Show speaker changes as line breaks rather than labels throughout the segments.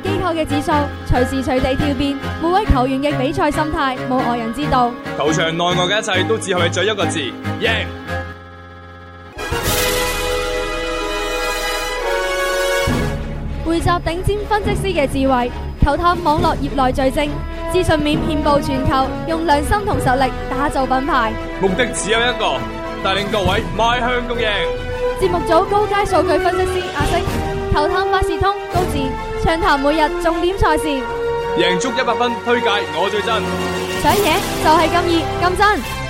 機構嘅指數隨時隨地跳變，每位球員嘅比賽心態冇外人知道。球場內外嘅一切都只係在一個字：贏。匯集頂尖分析師嘅智慧，球探網絡業內最精，資訊面遍布全球，用良心同實力打造品牌。目的只有一個，帶領各位邁向共贏。節目組高階數據分析師阿星，球探百事通高智。暢談每日重點賽事，
贏足一百分，推介我最真，
想贏就係咁熱咁
真。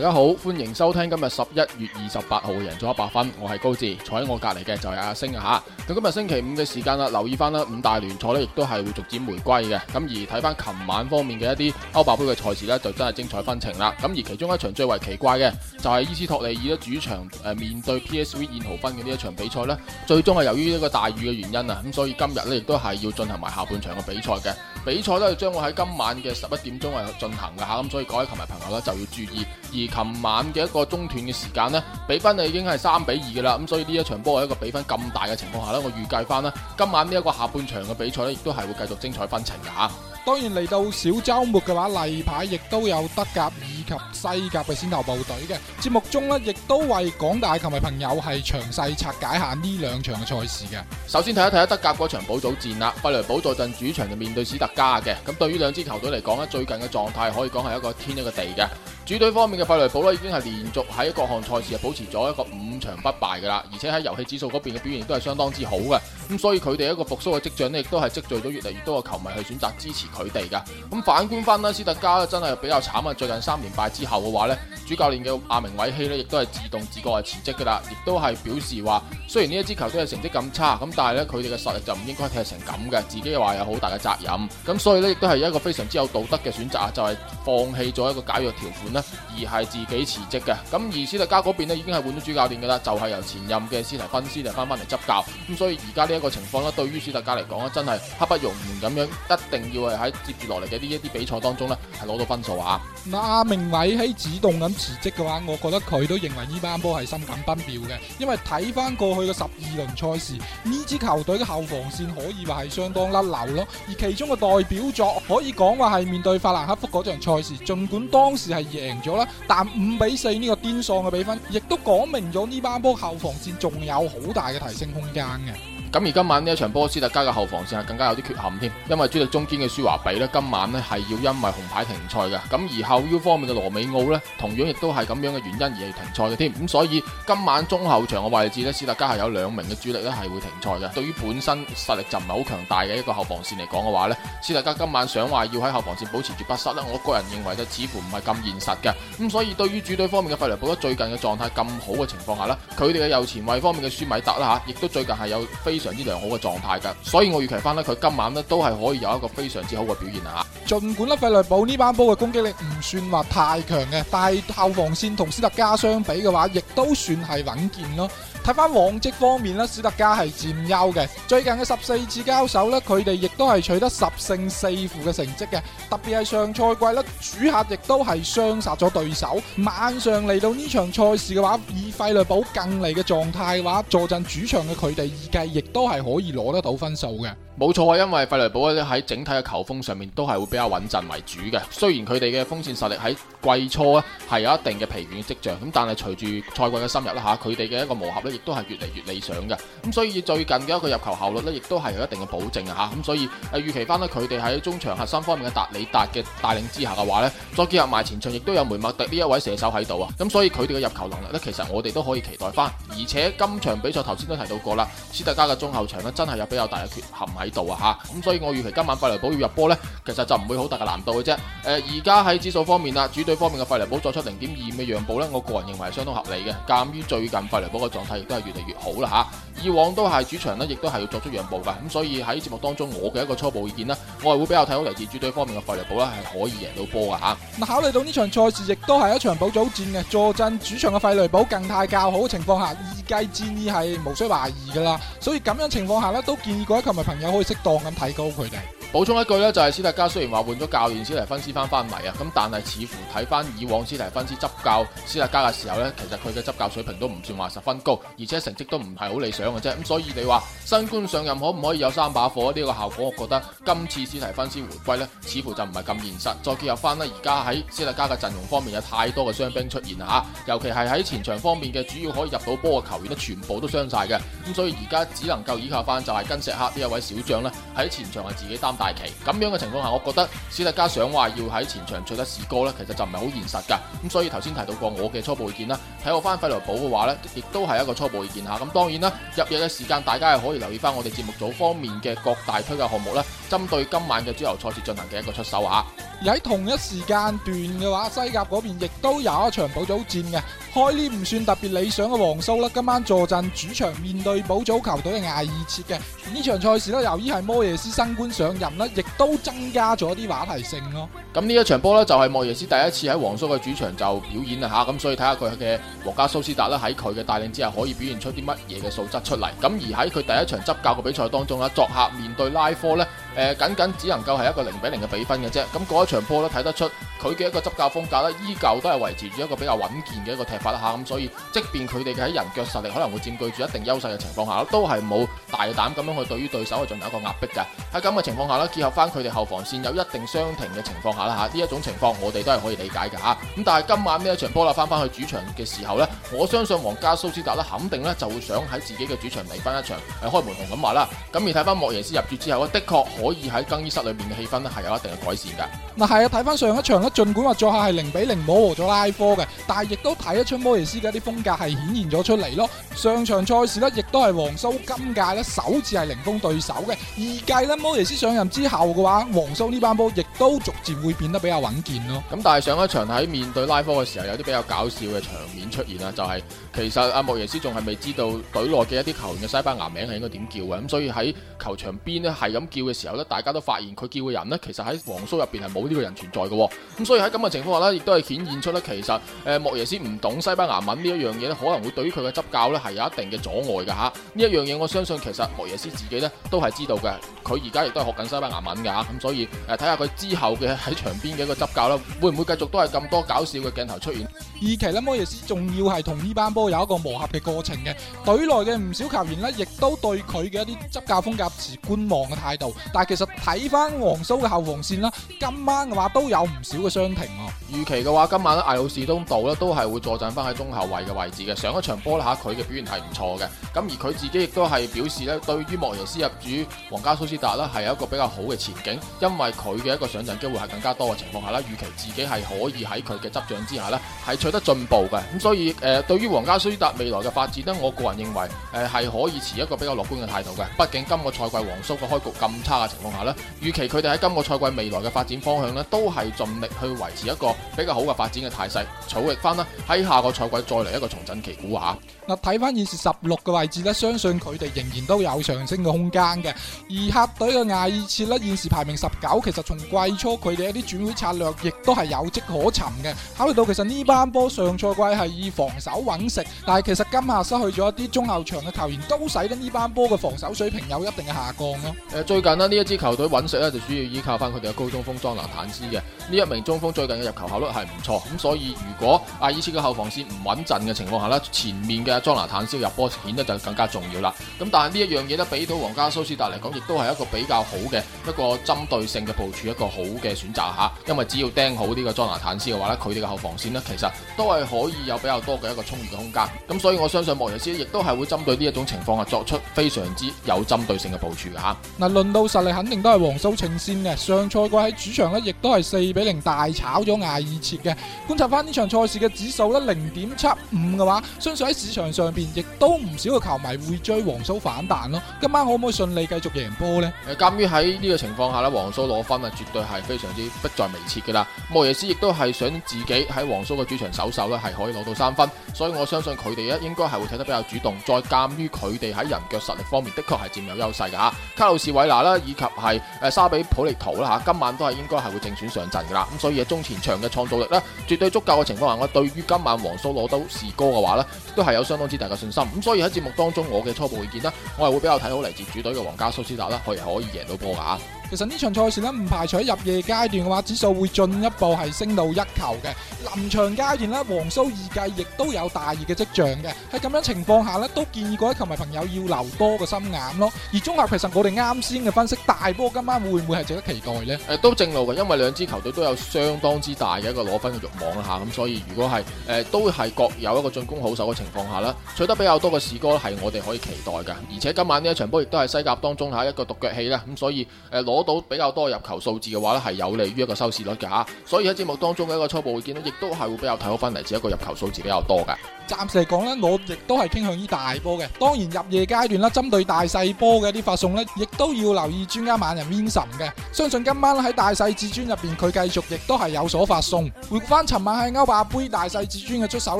大家好，歡迎收聽今日十一月二十八號嘅贏足一百分，我係高志，坐喺我隔離嘅就係阿星啊吓。咁今日星期五嘅時間啦，留意翻，啦，五大聯賽呢亦都係會逐漸回歸嘅。咁而睇翻琴晚方面嘅一啲歐霸盃嘅賽事呢就真係精彩紛呈啦。咁而其中一場最為奇怪嘅，就係、是、伊斯托利爾呢主場誒面對 PSV 燕豪芬嘅呢一場比賽啦，最終係由於一個大雨嘅原因啊，咁所以今日呢，亦都係要進行埋下半場嘅比賽嘅。比賽呢係將會喺今晚嘅十一點鐘係進行嘅吓，咁所以各位球迷朋友呢，就要注意。而琴晚嘅一個中斷嘅時間呢，比分已經係三比二噶啦，咁所以呢一場波係一個比分咁大嘅情況下呢，我預計翻呢今晚呢一個下半場嘅比賽呢，亦都係會繼續精彩紛呈嘅吓。
當然嚟到小周末嘅話，例牌亦都有德甲以及西甲嘅先頭部隊嘅節目中呢，亦都為廣大球迷朋友係詳細拆解一下呢兩場嘅賽事
嘅。首先睇一睇啊，德甲嗰場補早戰啦，費雷堡坐陣主場就面對史特加嘅。咁對於兩支球隊嚟講呢，最近嘅狀態可以講係一個天一個地嘅。主隊方面嘅費雷堡咧，已經係連續喺各項賽事啊保持咗一個五場不敗噶啦，而且喺遊戲指數嗰邊嘅表現都係相當之好嘅，咁所以佢哋一個復蘇嘅跡象呢，亦都係積聚咗越嚟越多嘅球迷去選擇支持佢哋噶。咁反觀翻啦，斯特加真係比較慘啊！最近三連敗之後嘅話呢，主教練嘅阿明韋希呢，亦都係自動自覺啊辭職噶啦，亦都係表示話雖然呢一支球隊嘅成績咁差，咁但係呢，佢哋嘅實力就唔應該踢成咁嘅，自己話有好大嘅責任。咁所以呢，亦都係一個非常之有道德嘅選擇啊，就係放棄咗一個解約條款啦。而係自己辭職嘅，咁而史特加嗰邊呢，已經係換咗主教練噶啦，就係、是、由前任嘅斯特芬斯就翻翻嚟執教。咁所以而家呢一個情況呢，對於史特加嚟講呢，真係刻不容緩咁樣，一定要係喺接住落嚟嘅呢一啲比賽當中呢，係攞到分數啊！
嗱，阿明偉喺主動咁辭職嘅話，我覺得佢都認為呢班波係深感不妙嘅，因為睇翻過去嘅十二輪賽事，呢支球隊嘅後防線可以話係相當甩漏咯，而其中嘅代表作可以講話係面對法蘭克福嗰場賽事，盡管當時係贏咗啦，但五比四呢個癲喪嘅比分，亦都講明咗呢班波後防線仲有好大嘅提升空間嘅。
咁而今晚呢一場波，斯特加嘅後防線係更加有啲缺陷添，因為主力中堅嘅舒華比呢，今晚呢係要因為紅牌停賽嘅，咁而後腰方面嘅羅美奧呢，同樣亦都係咁樣嘅原因而係停賽嘅添，咁所以今晚中後場嘅位置呢，斯特加係有兩名嘅主力呢係會停賽嘅。對於本身實力就唔係好強大嘅一個後防線嚟講嘅話呢，斯特加今晚想話要喺後防線保持住不失呢，我個人認為就似乎唔係咁現實嘅。咁所以對於主隊方面嘅費雷堡都，最近嘅狀態咁好嘅情況下呢，佢哋嘅右前衞方面嘅舒米特啦吓，亦都最近係有非非常之良好嘅狀態㗎，所以我預期翻呢。佢今晚呢都係可以有一個非常之好嘅表現啊！
儘管咧費萊堡呢班波嘅攻擊力唔算話太強嘅，但係後防線同斯特加相比嘅話，亦都算係穩健咯。睇返往績方面咧，史特加係佔優嘅。最近嘅十四次交手咧，佢哋亦都係取得十勝四負嘅成績嘅。特別係上賽季咧，主客亦都係雙殺咗對手。晚上嚟到呢場賽事嘅話，以費雷堡近嚟嘅狀態嘅話，坐鎮主場嘅佢哋預計亦都係可以攞得到分數嘅。
冇錯啊，因為費雷堡喺整體嘅球風上面都係會比較穩陣為主嘅。雖然佢哋嘅鋒線實力喺季初咧係有一定嘅疲軟嘅跡象，咁但係隨住賽季嘅深入啦吓，佢哋嘅一個磨合咧，都係越嚟越理想嘅，咁所以最近嘅一個入球效率呢，亦都係有一定嘅保證嘅吓，咁所以預期翻呢，佢哋喺中場核心方面嘅達里達嘅帶領之下嘅話呢，再結合埋前場亦都有梅麥迪呢一位射手喺度啊，咁所以佢哋嘅入球能力呢，其實我哋都可以期待翻。而且今場比賽頭先都提到過啦，斯特加嘅中後場呢，真係有比較大嘅缺陷喺度啊吓，咁所以我預期今晚費雷堡要入波呢，其實就唔會好大嘅難度嘅啫。誒，而家喺指數方面啦，主隊方面嘅費雷堡作出零點二嘅讓步呢，我個人認為係相當合理嘅，鑒於最近費雷堡嘅狀態。都係越嚟越好啦嚇！以往都係主場咧，亦都係要作出讓步噶，咁所以喺節目當中，我嘅一個初步意見呢，我係會比較睇好嚟自主隊方面嘅費雷堡。呢係可以贏到波噶嚇。
嗱，考慮到呢場賽事亦都係一場保組戰嘅，坐鎮主場嘅費雷堡近態較好嘅情況下，意計戰意係無需懷疑噶啦，所以咁樣的情況下呢，都建議各位球迷朋友可以適當咁提高佢哋。
補充一句咧，就係斯特加雖然話換咗教練斯蒂芬斯翻翻嚟啊，咁但係似乎睇翻以往斯蒂芬斯執教斯特加嘅時候呢，其實佢嘅執教水平都唔算話十分高，而且成績都唔係好理想嘅啫。咁所以你話新官上任可唔可以有三把火呢個效果？我覺得今次斯蒂芬斯回歸呢，似乎就唔係咁現實。再結合翻呢，而家喺斯特加嘅陣容方面有太多嘅傷兵出現吓，尤其係喺前場方面嘅主要可以入到波嘅球員都全部都傷晒嘅。咁所以而家只能夠依靠翻就係跟石客呢一位小將呢，喺前場係自己擔大旗咁樣嘅情況下，我覺得史特加想話要喺前場取得士高呢，其實就唔係好現實噶。咁所以頭先提到過我嘅初步意見啦，睇我翻費萊堡嘅話呢，亦都係一個初步意見吓。咁當然啦，入夜嘅時間大家係可以留意翻我哋節目組方面嘅各大推介項目啦，針對今晚嘅主流賽事進行嘅一個出手吓。
而喺同一時間段嘅話，西甲嗰邊亦都有一場早早戰嘅。開呢唔算特別理想嘅皇蘇啦，今晚坐陣，主場面對保組球隊嘅艾爾切嘅呢場賽事呢，由於係摩耶斯新官上任，亦都增加咗啲話題性咯。
咁呢一場波呢，就係摩耶斯第一次喺皇蘇嘅主場就表演啦吓，咁所以睇下佢嘅皇家蘇斯達呢，喺佢嘅帶領之下可以表現出啲乜嘢嘅素質出嚟。咁而喺佢第一場執教嘅比賽當中呢，作客面對拉科呢。誒、呃，僅僅只能夠係一個零比零嘅比分嘅啫。咁、那、嗰、個、一場波都睇得出佢嘅一個執教風格呢，依舊都係維持住一個比較穩健嘅一個踢法啦吓，咁所以，即便佢哋嘅喺人腳實力可能會佔據住一定優勢嘅情況下，都係冇大膽咁樣去對於對手去進行一個壓迫嘅。喺咁嘅情況下呢，結合翻佢哋後防線有一定傷停嘅情況下啦吓，呢一種情況我哋都係可以理解嘅吓。咁但係今晚呢一場波啦，翻翻去主場嘅時候呢，我相信皇家蘇斯達咧，肯定呢就會想喺自己嘅主場嚟翻一場開門紅咁話啦。咁而睇翻莫耶斯入主之後咧，的確，可以喺更衣室裏面嘅氣氛呢，係有一定嘅改善噶。
嗱，係啊，睇翻上一場咧，儘管話作客係零比零冇和咗拉科嘅，但係亦都睇得出摩耶斯嘅一啲風格係顯現咗出嚟咯。上場賽事呢，亦都係黃蘇今屆呢首次係零封對手嘅。預計呢，摩耶斯上任之後嘅話，黃蘇呢班波亦都逐漸會變得比較穩健咯。
咁但係上一場喺面對拉科嘅時候，有啲比較搞笑嘅場面出現啦，就係、是、其實阿、啊、摩耶斯仲係未知道隊內嘅一啲球員嘅西班牙名係應該點叫嘅。咁所以喺球場邊呢，係咁叫嘅時候。大家都發現佢叫嘅人呢，其實喺皇叔入邊係冇呢個人存在嘅。咁所以喺咁嘅情況下呢，亦都係顯現出咧，其實誒莫耶斯唔懂西班牙文呢一樣嘢呢，可能會對於佢嘅執教呢係有一定嘅阻礙㗎吓。呢一樣嘢我相信其實莫耶斯自己呢都係知道嘅。佢而家亦都係學緊西班牙文㗎吓。咁所以誒，睇下佢之後嘅喺場邊嘅一個執教呢，會唔會繼續都係咁多搞笑嘅鏡頭出現？
二期呢，莫耶斯仲要係同呢班波有一個磨合嘅過程嘅。隊內嘅唔少球員呢，亦都對佢嘅一啲執教風格持觀望嘅態度。但其實睇翻皇蘇嘅後防線啦，今晚嘅話都有唔少嘅傷停、哦。
預期嘅話，今晚咧艾魯士東道呢都係會坐鎮翻喺中後衛嘅位置嘅。上一場波咧，吓佢嘅表現係唔錯嘅。咁而佢自己亦都係表示咧，對於莫耶斯入主皇家蘇斯達呢係有一個比較好嘅前景，因為佢嘅一個上陣機會係更加多嘅情況下啦，預期自己係可以喺佢嘅執掌之下呢係取得進步嘅。咁所以誒、呃，對於皇家蘇斯達未來嘅發展呢，我個人認為誒係、呃、可以持一個比較樂觀嘅態度嘅。畢竟今個賽季皇蘇嘅開局咁差。情況下咧，預期佢哋喺今個賽季未來嘅發展方向咧，都係盡力去維持一個比較好嘅發展嘅態勢，儲力翻啦，喺下個賽季
再嚟一個重振旗鼓啊！嗱，睇翻現時十六嘅位置呢，相信佢哋仍然都有上升嘅空間嘅。而客隊嘅艾爾切呢，現時排名十九，其實從季初佢哋一啲轉會策略亦都係有跡可尋嘅。考慮到其實呢班波上賽季係以防守穩食，但係其實今夏失去咗一啲中後場嘅球員，都使得呢班波嘅防守水平有一定嘅下降咯。
誒，最近呢。一支球隊揾食咧，就主要依靠翻佢哋嘅高中鋒、裝男坦之嘅。呢一名中鋒最近嘅入球效率係唔錯，咁所以如果艾爾切嘅後防線唔穩陣嘅情況下呢，前面嘅阿莊拿坦斯入波顯得就更加重要啦。咁但係呢一樣嘢呢，俾到皇家蘇斯達嚟講，亦都係一個比較好嘅一個針對性嘅部署，一個好嘅選擇嚇。因為只要釘好呢個莊拿坦斯嘅話呢，佢哋嘅後防線呢，其實都係可以有比較多嘅一個充裕嘅空間。咁所以我相信莫耶斯亦都係會針對呢一種情況啊，作出非常之有針對性嘅部署嚇。
嗱，論到實力肯定都係皇蘇稱先嘅，上賽季喺主場呢，亦都係四。二比零大炒咗艾爾切嘅。觀察翻呢場賽事嘅指數呢，零點七五嘅話，相信喺市場上邊亦都唔少嘅球迷會追黃蘇反彈咯。今晚可唔可以順利繼續贏波呢？誒、
呃，鑒於喺呢個情況下呢，黃蘇攞分啊，絕對係非常之迫在眉睫噶啦。莫耶斯亦都係想自己喺黃蘇嘅主場首秀呢，係可以攞到三分，所以我相信佢哋咧，應該係會睇得比較主動。再鑒於佢哋喺人腳實力方面的確係佔有優勢噶，卡路士韋納啦以及係誒、呃、沙比普利圖啦，吓、啊、今晚都係應該係會正選上陣。咁所以喺中前場嘅創造力咧，絕對足夠嘅情況下，我對於今晚皇蘇攞到士哥嘅話咧，都係有相當之大嘅信心。咁所以喺節目當中，我嘅初步意見呢，我係會比較睇好嚟自主隊嘅皇家蘇斯達啦，係可以贏到波噶。
其實呢場賽事呢，唔排除喺入夜階段嘅話，指數會進一步係升到一球嘅。臨場階段呢，黃蘇二季亦都有大熱嘅跡象嘅。喺咁樣情況下呢，都建議各位球迷朋友要留多個心眼咯。而綜合其實我哋啱先嘅分析，大波今晚會唔會係值得期待呢？誒、呃，都正路嘅，因為兩支
球隊都有相當之大嘅一個攞分嘅慾望下吓。咁、啊、所以如果係誒、呃、都係各有一個進攻好手嘅情況下啦，取得比較多嘅士哥係我哋可以期待嘅。而且今晚呢一場波亦都係西甲當中下一個獨腳戲啦。咁、啊、所以誒攞。呃到比較多入球數字嘅話咧，係有利於一個收視率嘅㗎，所以喺節目當中嘅一個初步見到，亦都係會比較睇好翻嚟自一個入球數字比較多嘅。
暫時嚟講呢，我亦都係傾向於大波嘅。當然入夜階段啦，針對大細波嘅啲發送呢，亦都要留意專家萬人面神嘅。相信今晚喺大細至尊入邊，佢繼續亦都係有所發送。回顧翻尋晚喺歐霸杯大細至尊嘅出手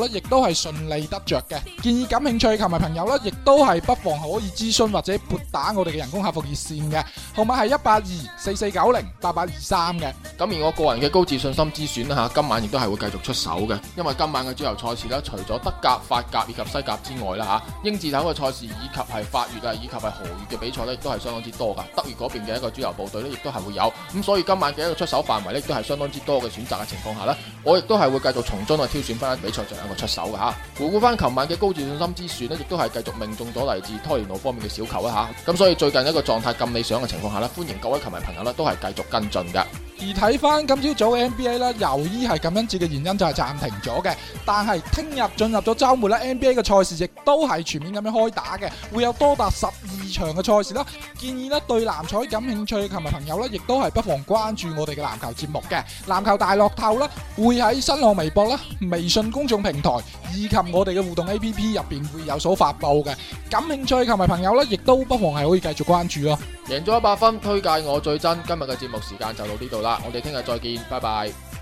呢，亦都係順利得着嘅。建議感興趣嘅球迷朋友呢，亦都係不妨可以諮詢或者撥打我哋嘅人工客服熱線嘅號碼係一八四四九零八八二三嘅，咁而我
個人嘅高自信心之選啦吓，今晚亦都係會繼續出手嘅，因為今晚嘅主流賽事啦，除咗德甲、法甲以及西甲之外啦吓，英字頭嘅賽事以及係法越嘅以及係荷越嘅比賽咧，亦都係相當之多噶，德越嗰邊嘅一個主流部隊咧，亦都係會有，咁所以今晚嘅一個出手範圍咧，都係相當之多嘅選擇嘅情況下咧，我亦都係會繼續從中去挑選翻比賽上一個出手嘅吓，回顧翻琴晚嘅高自信心之選咧，亦都係繼續命中咗嚟自托連奴方面嘅小球啊吓，咁所以最近一個狀態咁理想嘅情況下咧，歡迎各位。同埋朋友咧都係繼續跟進嘅。
而睇翻今朝早嘅 NBA 啦，由於係咁樣子嘅原因就係暫停咗嘅，但係聽日進入咗週末啦，NBA 嘅賽事亦都係全面咁樣開打嘅，會有多達十二場嘅賽事啦。建議啦，對籃彩感興趣嘅球迷朋友咧，亦都係不妨關注我哋嘅籃球節目嘅。籃球大樂透啦，會喺新浪微博啦、微信公眾平台以及我哋嘅互動 APP 入邊會有所發布嘅。感興趣嘅球迷朋友咧，亦都不妨係可以繼續關注咯。
贏足一百分，推介我最真。今日嘅節目時間就到呢度啦。我哋聽日再見，拜拜。